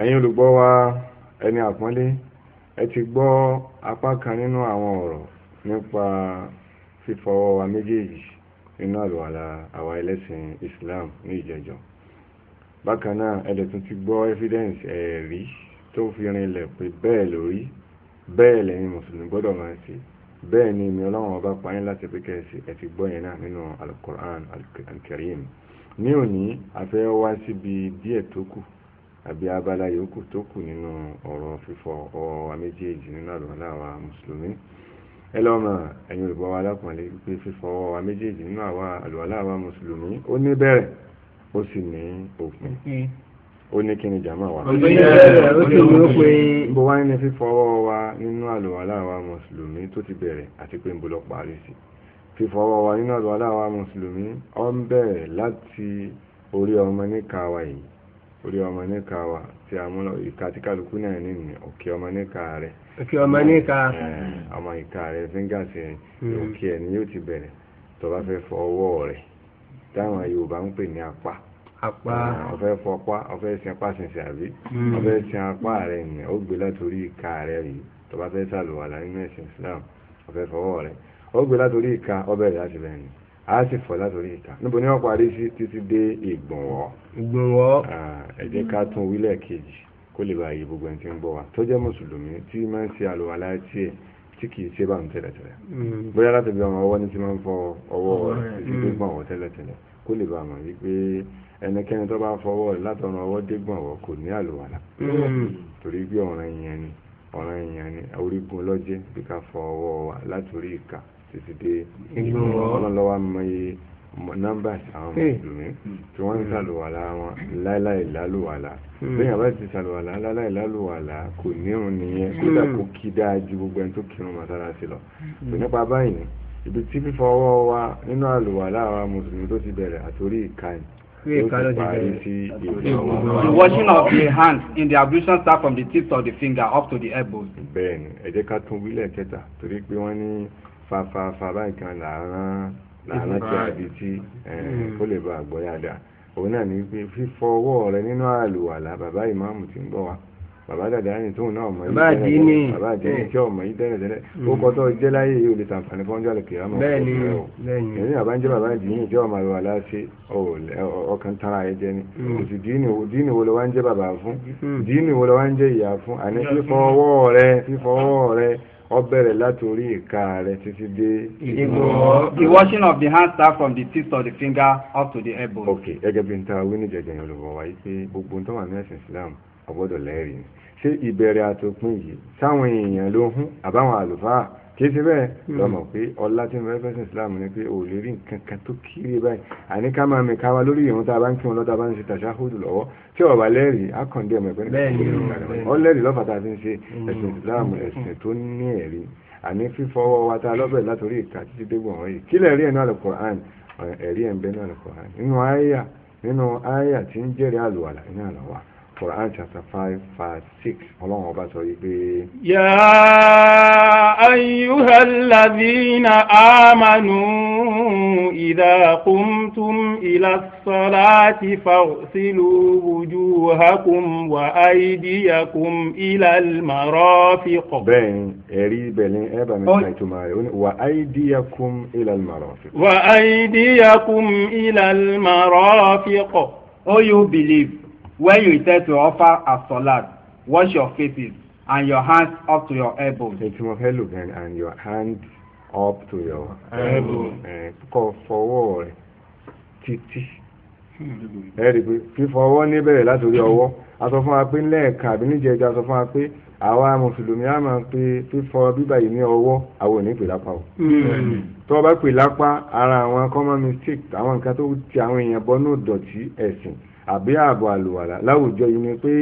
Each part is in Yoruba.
ẹ̀yin olùgbọ́ wa ẹni àpọ́nlé ẹ ti gbọ́ apá kan nínú àwọn ọ̀rọ̀ nípa fífọwọ́ wa méjèèjì nínú àlùwàlà àwa ẹlẹ́sìn Islam ní ìjẹjọ́ bákan náà ẹ̀dẹ̀ tún ti gbọ́ evidence ẹ̀rí tó fi rinlẹ̀ pé bẹ́ẹ̀ lórí bẹ́ẹ̀ lẹ́yìn mùsùlùmí gbọ́dọ̀ máa ṣe bẹ́ẹ̀ ni mi ọlọ́run ọba pa yín láti pẹ́kẹ́ sí ẹ ti gbọ́ yẹn náà nínú alukoran alkarim ní òní a wá síbi díẹ̀ tó kù àbí abala yòókù tó kù nínú ọ̀rọ̀ fífọ ọwọ́ wa méjèèjì nínú àlùwàlá wa mùsùlùmí ẹ lọ́mọ ẹ̀yin olùgbọ́ wa alákùnrin pé fífọ ọwọ́ wa méjèèjì nínú àwa àlùwàlá wa mùsùlùmí ó ní bẹ̀rẹ̀ ó sì ní òpin ó ní kí ni jàmá wa. bó wá ní fífọ ọwọ́ wa nínú àlùwàlá wa mùsùlùmí tó ti bẹ̀rẹ̀ àti pé ń bọ́ lọ parí sí fífọ ọwọ́ wa nínú àlùwàlá wa mùsùlùmí ó ń bẹ̀rẹ̀ láti orí ọmọ níka wa yìí orí ọmọ níka wa tí a múlò ìka tí kálukú náà ní ní òkè ọmọ rẹ ọmọ níka rẹ hmm. ni yóò ti bá fẹ́ ọfẹ ọfẹ sin apá sinsin àbí hmm. ọfẹ rẹ ó gbé látòrí ìka rẹ yìí tó bá sàlùwàlà nínú Islam ọfẹ fọwọ́ rẹ ó gbé látòrí ìka ọbẹ rẹ láti a sì fọ́ látòrí ìta níbo ni wọ́n parí sí títí dé ìgbọ̀nwọ́. ìgbọ̀nwọ́. ẹ jẹ́ ká tún wílẹ̀ kejì kó lè bá yí gbogbo ẹni tí ń bọ̀ wá tó jẹ́ mùsùlùmí tí máa ń ṣe àlùwàlá tí ẹ̀ tí kìí ṣe bá ń tẹ́lẹ̀tẹ́lẹ̀ mm. bóyá láti bí ọmọ ọwọ́ ní ti máa ń fọ ọwọ́ títí dé mm. gbọ̀nwọ́ tẹ́lẹ̀tẹ́lẹ̀ kó lè bá mọ̀ wípé ẹnikẹ́ni tó bá títí dé ọlọ́lọ́wọ́ amọ̀ye nọ́mbà mùsùlùmí tí wọ́n ń ṣàlùwàlá wọn láíláì lálùwàlá lẹ́yìn hmm. àbá ti ṣàlùwàlá láíláì lálùwàlá kò nírun nìyẹn hmm. kódà kó kí dáa gbogbo ẹni tó kírun mọ́sálásí lọ nípa báyìí ibi tí fífọwọ́ wa nínú àlùwàlá wa mùsùlùmí tó ti bẹ̀rẹ̀ àtòrí ìkànnì hmm. The washing of the hands in the ablution start from the tips of the finger up to the elbows. Bẹ́ẹ̀ni, ẹ jẹ́ ká tún wílẹ̀ kẹta torí pé wọ́n ní fafafa báyìí kan làárán làárán tí a di tí hmm. kó lè ba àgbọ̀ yáda òun náà ní pé fífọ ọwọ́ rẹ nínú àlùwàlà bàbá ìmáàmù tí ń bọ̀ wá bàbá dàda ni tóun náà mọ yìí tẹ́lẹ̀ bàbá àdínní hmm. tí ọmọ yìí tẹ́lẹ̀ tẹ́lẹ̀ hmm. ó kọ́ tó jẹ́ láyé yìí ò lè sàǹfààní fún ọjọ́ àlùkè àmọ́ bẹ́ẹ̀ni ẹ̀yìn àbá ń jẹ́ bàbá àdínní tí ọmọ àlùwà láṣẹ ọkàn tara ẹ jẹ ni kò sì díìnì wo ló wá ń jẹ́ bàbá fún díìnì wo ló wá ń jẹ́ ìyá fún àní fífọwọ́ rẹ fífọwọ́ rẹ ó láti orí ìka rẹ̀ títí dé. ìgbò the washing of the hand start from the tips of the finger up to the elbow. ok gẹ́gẹ́ bí n ta wí ní jẹjẹrẹ olùbọ̀ wáyé pé gbogbo n tó wà ní ẹ̀sìn Islam ọgbọ́dọ̀ lẹ́rìí ṣé ìbẹ̀rẹ̀ àtòpin yìí sáwọn èèyàn ló ń hún àbáwọn àlùfáà kìí ṣe bẹ́ẹ̀ lọ́mọ̀ hmm. pé ọlá tí mẹ́fẹ́ sí islam ní pé ò lè rí nǹkan kan tó kéré báyìí àní ká máa mẹ́ka wa lórí ìrún tá a bá ń kí wọn lọ́ta bá ń ṣe tàṣáhùdù lọ́wọ́ tí ọ̀bà lẹ́rìí akọ̀ǹdé ọmọ ẹ̀pẹ́ nìkan ọ lẹ́rìí lọ́fàtà fi ń ṣe hmm. ẹ̀sìn islam hmm. ẹ̀sìn tó ní ẹ̀rí àní fífọwọ́ wa ta lọ́bẹ̀ látòrí ìka títí dégbọ̀n wọ̀nyí kílẹ̀ rí ẹ̀nà àlùkùránì ẹ̀rí Quran chapter five verse six ọlọ́run ọba sọ yìí yà á ayyuhalladhina amanu idha qumtum ila salati faghsilu wujuhakum wa aydiyakum ila al-marafiq. bẹ́ẹ̀ni ẹ̀rí bẹ̀lẹ̀ ẹ bá mi ka ìtumọ̀ rẹ̀ ó ní wa aydiyakum ila al-marafiq. wa aydiyakum ila al you believe. When you intend to offer as salat, wash your faces and your hands up to your elbows. Ìtumọ̀ fẹ́ hello, gan and your hands up to your elbow. Eh, Kọ fọwọ́ rẹ̀ títí. Hmm. Ẹ rí i pé fífọwọ́ níbẹ̀rẹ̀ látòrí ọwọ́. A sọ fún wa pé lẹ́ẹ̀kan àbí níjẹ̀jẹ̀ a sọ fún wa pé àwa mùsùlùmí á máa pe fífọ bíbà yìí ní ọwọ́ àwọn ò ní pè lápá o. Hmm. tó o bá pè lápá ara àwọn common mistake àwọn nǹkan tó ti àwọn èèyàn bọ́ ní òdọ̀tí ẹ̀sìn àbí ààbò àlùwàlà láwùjọ yìí ni pé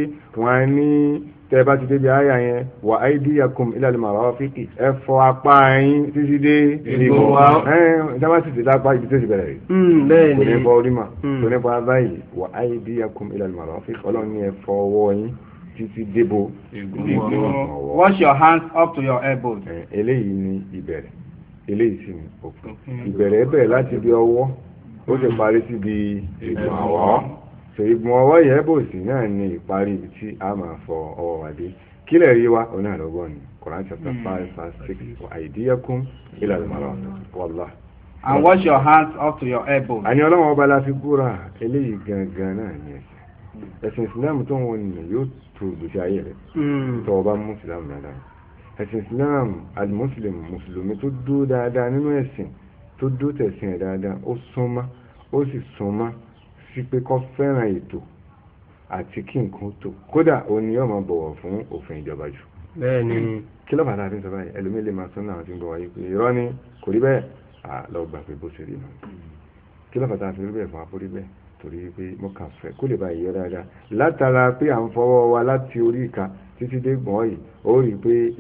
wọ́n ní tẹ́ bá ti débi àyà yẹn wà á ìdíyà kùn ilẹ̀ àlùmọ̀ràn ọ́fíìkì ẹ fọ apá yín títí dé ìbò ẹ sábà sì ti lápá ibi tó ti bẹ̀rẹ̀ rẹ̀ hmm, kò ní bọ orí mà hmm. kò ní bọ abáyé wà á ìdíyà kùn ilẹ̀ àlùmọ̀ràn ọ́fíìkì ọlọ́run ní ẹ fọ ọwọ́ yín títí débò ìgbìmọ̀ ọwọ́ wash your hands up to your elbows. eléyìí ni ìbẹ̀rẹ̀ eléyìí sì ni òpin ìbẹ̀rẹ̀ bẹ̀rẹ̀ láti bí ọwọ́ ó ti parí síbi ìgbìmọ̀ ọwọ́ so ìgbọ̀n ọwọ́ ìyẹ́bòsì náà ni ìparí tí a máa fọ ọwọ́ wa dé kílẹ̀ rí wa oní àdọ́gbọ́n ni Quran chapter hmm. five verse six wa ilẹ̀ àlùmọ́lá and wash your hands up to your elbows. àní ọlọ́wọ́n ọba la fi búra eléyìí gangan náà ni ẹ̀sìn hmm. ẹ̀sìn Islam tó ń wọ nìyẹn yóò tu gbèsè ayé rẹ̀ hmm. tó o mú Islam dáadáa ẹ̀sìn Islam alimuslim mùsùlùmí tó dúró dáadáa nínú ẹ̀sìn tó dúró tẹ̀sìn ẹ̀ dáadáa ó súnmọ́ ó sì súnmọ́ sí pé kó fẹ́ràn ètò àti kí nǹkan tó kódà òun ni yóò máa bọ̀wọ̀ fún òfin ìjọba jù. bẹ́ẹ̀ni. kí ló bàtà àti sọ báyìí ẹlòmíín lè máa sọ náà ti ń bọ̀ wáyé pé irọ́ ni kò rí bẹ́ẹ̀ à lọ gbà pé bó ṣe rí nù. kí ló bàtà àti rí bẹ́ẹ̀ fún apórí bẹ́ẹ̀ torí pé mo kàn fẹ́ kó lè bá ìyọ́ dáadáa látara pé à ń fọwọ́ wa láti orí ìka títí dé gbọ́n yìí ó rí i pé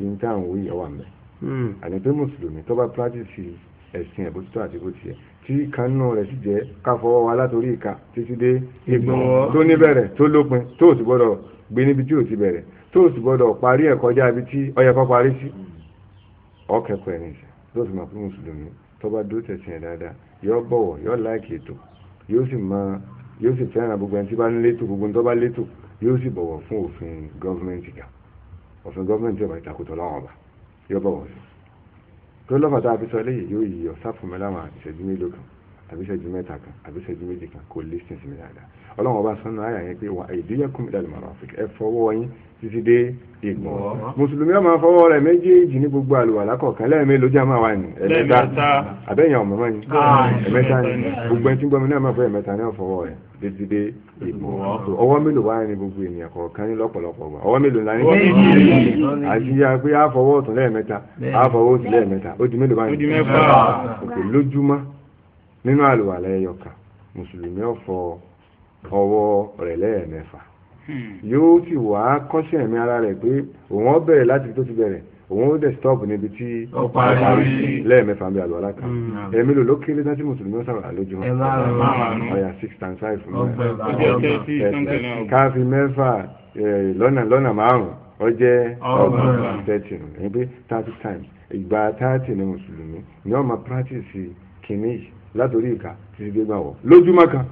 ẹ̀sìn ẹ̀bótító àti bó tiẹ̀ tí kanú rẹ̀ sì jẹ́ ká fọwọ́ wa látòrí ìka títí dé ìgbọ̀nwọ́ tó níbẹ̀rẹ̀ tó lópin tó ò sì gbọ́dọ̀ gbé níbi tí ò ti bẹ̀rẹ̀ tó ò sì gbọ́dọ̀ parí ẹ̀ kọjá ibi tí ó yẹ kó parí sí ọ̀kẹ́kọ̀ọ́ ẹ̀ nìyẹn tó sì máa fún mùsùlùmí tó bá dúró tẹ̀sìn ẹ̀ dáadáa yọ bọ̀wọ̀ yọ láìkì ètò yóò sì máa yóò sì fẹ́ràn gbogbo ẹni tí bá ń létò gbogbo ẹni tó bá létò yóò sì bọ̀wọ̀ fún òfin gọ́ọ̀mẹ̀ntì kan òfin gọ́ọ̀mẹ̀ntì ọ̀bà ìtakùtọ̀ láwọn ọ̀bà yọ bọ̀wọ̀ sí tó lọ́fà tá a fi sọ eléyìí yóò yí ọ sáfùmọ́ ìṣẹ́jú mélòó kan àbíṣẹ́jú mẹ́ta kan àbíṣẹ́jú méjì kan kò lè sìn sí mi dáadáa ọlọ́run ọba sọ́nà àyà yẹn pé wà aydiyakum ilal marafiq ẹ fọwọ́ yín títí dé ìgbọ̀n mùsùlùmí ọmọ fọwọ́ rẹ̀ méjèèjì ní gbogbo àlùwàlá kọ̀ọ̀kan lẹ́ẹ̀mélòó jẹ́ àmà wa ni ẹ̀mẹ́ta àbẹ́yìn ọ̀mọ́mọ́ ni ẹ̀mẹ́ta ni gbogbo ẹni tí gbọ́mi náà máa fọ ẹ̀mẹ́ta náà fọwọ́ rẹ̀ títí dé ìgbọ̀n ọwọ́ mélòó wá ní gbogbo ènìyàn kọ̀ọ̀kan ní lọ́pọ̀lọpọ̀ wa ọwọ́ mélòó la ní àti ya pé àfọwọ́ ọ̀tún lẹ́ẹ̀mẹ́ta àfọwọ́ òsì lẹ́ẹ̀mẹ́ta ó di mélòó wá ní nínú àlùwàlá ẹyọ kan mùsùlùmí ó fọ ọwọ́ rẹ̀ lẹ́ẹ̀mẹ́fà hmm. yóò sì wá kọ́ṣẹ́ ẹ̀mí ara rẹ̀ pé òun ó bẹ̀rẹ̀ láti tó ti bẹ̀rẹ̀ òun ó dẹ̀ stop níbi tí ọparí lẹ́ẹ̀mẹ́fà ń bí àlùwàlá kan èmi hmm, lò ló kéré tán mùsùlùmí ó sàrà lójú wọn ọ̀yà six times five fún mi káfí mẹ́fà lọ́nà lọ́nà márùn-ún ó jẹ́ ọgbọ̀n thirty ẹni pé thirty times ìgbà thirty ni mùsùlùmí ni wọ́n máa practice kìíní látòrí ìka títí dé gbàwọ̀ lójúmọ́ kan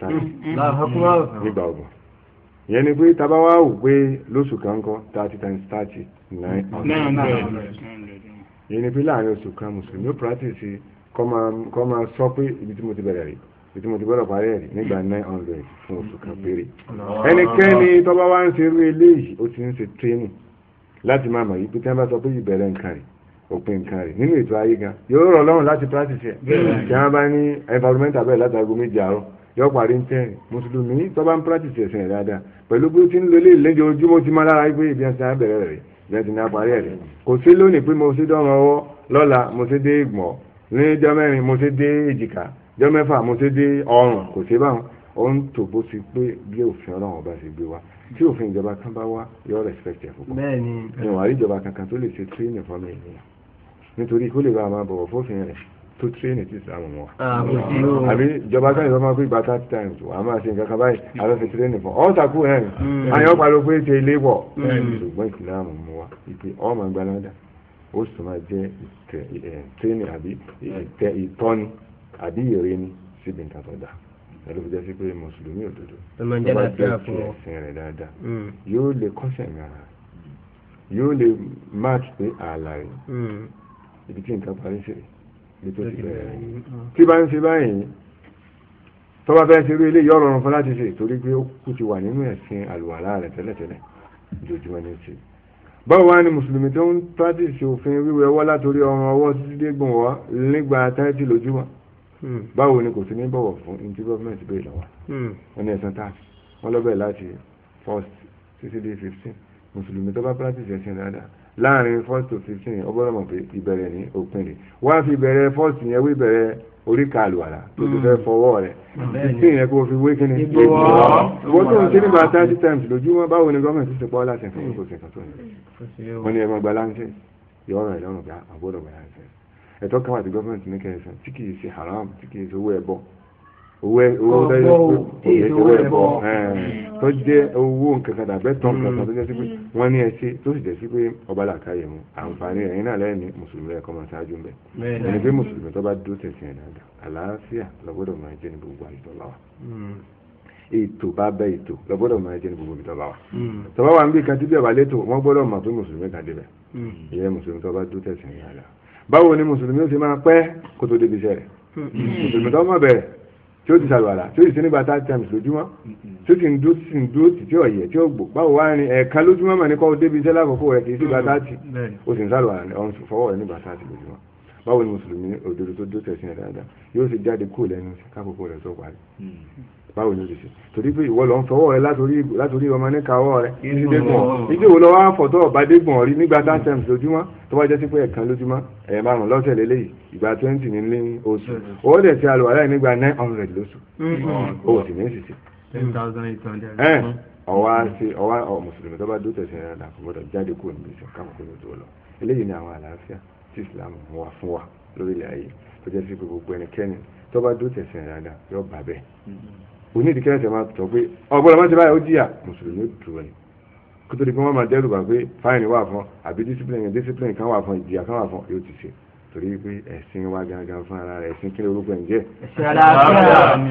tàbí mm, mm. nígbà ọgbọ̀n ìyẹn ni pé taba wá wò pé lóṣù kan kọ́ thirty times thirty nine hundred ìyẹn ni pé láàrin oṣù kan mùsùlùmí ó practice kọ́ máa sọ pé ibi tí mo ti bẹ̀rẹ̀ rí ibi tí mo ti gbọ́dọ̀ parí ẹ̀rí nígbà nine hundred fún oṣù kan péré ẹnikẹ́ni tọ́ba wá ń ṣe irú eléyìí ó ti ń ṣe training láti máa mọ̀ yìí pé tí wọ́n bá sọ pé ìbẹ̀rẹ̀ nǹkan rẹ̀ òpin nǹkan rẹ̀ nínú ètò ayé gan yóò rọ̀ lọ́rùn láti practice ẹ̀ tí wọ́n bá ní environment abẹ́ látago méjì àárọ̀ yóò parí ń tẹ́rìn mùsùlùmí tó bá ń practice ẹ̀sìn rẹ̀ dáadáa pẹ̀lú bí ó ti ń lo ilé ìlẹ́jọ ojúmọ́ ti máa lára wípé ibi ẹ̀sìn abẹ́rẹ́ rẹ̀ ibi ẹ̀sìn aparẹ́ rẹ̀ kò sí lónìí pé mo ṣe dọ́mọ ọwọ́ lọ́la mo ṣe dé ìgbọ̀n ní jọ́ mẹ́rin mo ṣe dé èjìká jọ́ mẹ́fà mo ṣe dé ọrùn kò sí báwọn ó ń tò bó ti pé bí òfin ọlọ́run ọba ṣe gbé wa tí òfin ìjọba kan bá wá yóò respect ẹ̀ púpọ̀ bẹ́ẹ̀ ni ìwà ìjọba kankan tó lè ṣe training fún mi ènìyàn nítorí kó lè bá máa bọ̀wọ̀ fófin rẹ̀ tó tírénì tí sàmù wọn. Ah, àbí ìjọba kan ìfọwọ́ máa pé gba thirty times wàá máa ṣe nǹkan kan báyìí afẹ́fẹ́ tírénì fún ọ́ takú ẹ̀ hmm. àyàn pariwo pé ṣe ilé wọ̀ hmm. ṣùgbọ́n ìsìlámù mú wa ìpè ọ́ máa gba ládà ó sì máa jẹ́ tírénì àbí ìtọ́ni àbí ìrẹ́ni síbi nǹkan tó dáa ẹlò fi jásí pé mùsùlùmí òdodo ọmọ jẹ́ kí ẹ̀sìn rẹ̀ dáadáa hmm. yóò lè kọ́sẹ̀ mi ara yóò lè máàkì pé ààlà rẹ̀ ibi tí nǹkan parí sí ibi tó ti bẹ̀rẹ̀ ah. tí bá ń ṣe báyìí tó bá fẹ́ ṣe irú ilé yọ̀rọ̀ ọ̀run fún láti ṣe torí pé ó kú ti wà nínú ẹ̀sìn àlùwàlá rẹ̀ tẹ́lẹ̀tẹ́lẹ̀ ojoojúmọ́ ní ṣe báwo wá ni mùsùlùmí tó ń pàtìsì òfin wíwẹ̀ ọwọ́ látòrí ọrùn ọwọ́ títí dé gbọ̀n wá nígbà táìtì lójúmọ́ hmm. báwo ni kò sí ní bọ̀wọ̀ fún ní gọ́ọ̀mẹ̀ntì bẹ́ẹ̀ lọ́wọ́ hmm. wọn ní ẹ̀sán táàtì wọn lọ́bẹ̀ láti first títí dé fifteen mùsùlùmí tó bá pàtìsì ẹ̀sìn dáadáa láàrin first to fifteen ó gbọ́dọ̀ mọ̀ pé ìbẹ̀rẹ̀ ní òpin rẹ̀ wá fi bẹ̀rẹ̀ first yẹn wí bẹ̀rẹ̀ oríkà àlùwàlà tó ti fẹ́ mm. fọwọ́ rẹ̀ fifteen yẹn kó o fi wé kíni. ìwọ tó ń ṣe nígbà thirty times lójúmọ́ báwo ni gọ́ọ̀mẹ̀ntì ti pọ́ láti ẹ̀fọ́ kò sí ẹ̀ka tó ní. wọ́n ní ẹ̀mọ́ balance yọ̀ọ̀rọ̀ ẹ̀ lọ́rùn gbà àgbọ̀dọ̀ ah, balance ẹ̀tọ́ kan wà tí gọ́ọ̀mẹ̀ntì ní kẹsàn-án tí kì í ṣe haram tí kì í owó owó lẹ́yìn owó ẹ̀bọ mm. tó jẹ́ owó nǹkankan tàbẹ́ tán kankan tó jẹ́ sí pé mm. wọ́n ní ẹṣẹ́ tó sì jẹ́ sí pé ọba làkàyè mu àǹfààní ẹ̀yìn náà lẹ́yìn mùsùlùmí ẹ̀kọ́ máa ṣáájú ń bẹ̀ ẹni pé mùsùlùmí tó bá dúró tẹ̀sí ẹ̀ dáadáa àlàáfíà lọ́gbọ́dọ̀ máa jẹ́ ní gbogbo àìsàn láwa mm. ètò bá bẹ ètò lọ́gbọ́dọ̀ máa jẹ́ ní gbogbo ibi tọ́ba wa tọ́ba wa ń bí kan tí bí ọba létò wọ́n gbọ́dọ̀ mọ̀ pé mùsùlùmí kan débẹ̀ ìyẹn mùsùlùmí tọ́ba dúró tẹ̀sí ẹ̀ dáadáa báwo ni mùsùlùmí ó ti máa pẹ́ kó tó débi iṣẹ́ rẹ̀ mùsùlùmí tọ́ mọ̀ bẹ̀rẹ̀ tí ó ti ṣàlùwàlà tí ó sì ṣe nígbà tá times lójúmọ́ tí ó sì ń dúró sì ń dúró tì tí ò yẹ tí ó gbò báwo wá rin ẹ̀ẹ̀kan lójúmọ́ mà ní kọ́ débi iṣẹ́ lákòókò rẹ̀ kì í sígbà tá tì ó sì ń ṣàlùwàlà ní ọ̀hún fọwọ́ rẹ̀ nígbà tá tì lójúmọ́ báwo ni mùsùlùmí òdodo tó dúró tẹ̀sìn rẹ̀ dáadáa yóò sì jáde kúrò lẹ́nu kákòókò rẹ̀ tó parí hmm báwo ni o ti ṣe torí pé ìwọ lọ ń fọwọ́ rẹ látòrí ọmọ níka ọwọ́ rẹ ìdígbò ìdígbò lọ wá fọ̀tọ́ ọ̀bádégbọ̀n rí nígbà tásẹ̀ms lójúmọ́ tó bá jẹ́ sí pé ẹ̀kan lójúmọ́ ẹ̀yẹ márùn lọ́sẹ̀ lélẹ́yìí ìgbà twenty ní ní oṣù owó dẹ̀ ti àlùwàlá yìí nígbà nine hundred lóṣù mm-hmm. owó sì ní ìsìsì. Mm-hmm. ọwọ́ àti ọwọ́ mùsùlùmí tó bá dó tẹ̀sán ẹ̀rọ kò gbọ́dọ̀ jáde kúrò níbi ìṣọ̀ káwọn kò ní tó lọ eléyìí ni àwọn àlàáfíà tí Islam wà fún wa lórílẹ̀ ayé tó jẹ́ sí pé gbogbo ẹnikẹ́ni tó bá dó tẹ̀sán ẹ̀rọ yóò bà bẹ́ẹ̀ mm-hmm onídìkẹ́ ẹ̀sẹ̀ máa tọ̀ pé ọgbọ́n ọmọ ti báyìí ó jìyà mùsùlùmí tù ẹ̀ kó tó di pé wọ́n máa dẹ́rù bà pé fáìnì wà fún àbí discipline discipline kan wà fún ìjìyà kan wà fún yóò ti ṣe torí pé ẹ̀sìn wa gangan fún ara rẹ̀ ẹ̀sìn kí ló rúkọ ǹjẹ́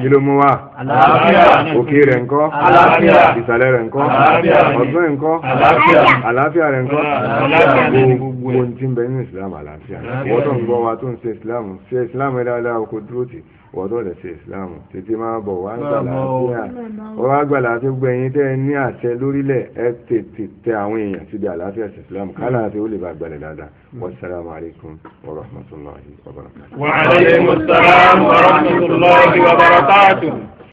kí ló mú wa òkè rẹ̀ ńkọ́ ìsàlẹ̀ rẹ̀ ńkọ́ ọ̀gbọ́n gbogbo ohun tí ń bẹ nínú islam àlàáfíà wọ́n tó ń gbọ́ wa tó ń ṣe islam ṣe islam dáadáa kó dúró tì wọ́n tó lè ṣe islam títí máa bọ̀ wá gbà láàfíà wọ́n wá gbà láàfíà gbogbo ẹ̀yin tẹ́ ẹ ní àṣẹ lórílẹ̀ ẹ tètè tẹ àwọn èèyàn síbi àlàáfíà ṣe islam mm. kálá àti ó lè bá gbalẹ̀ dáadáa wasalaamu alaykum wa rahmatulahi wa barakatu. wa aleykum salaam wa rahmatulahi wa barakatu.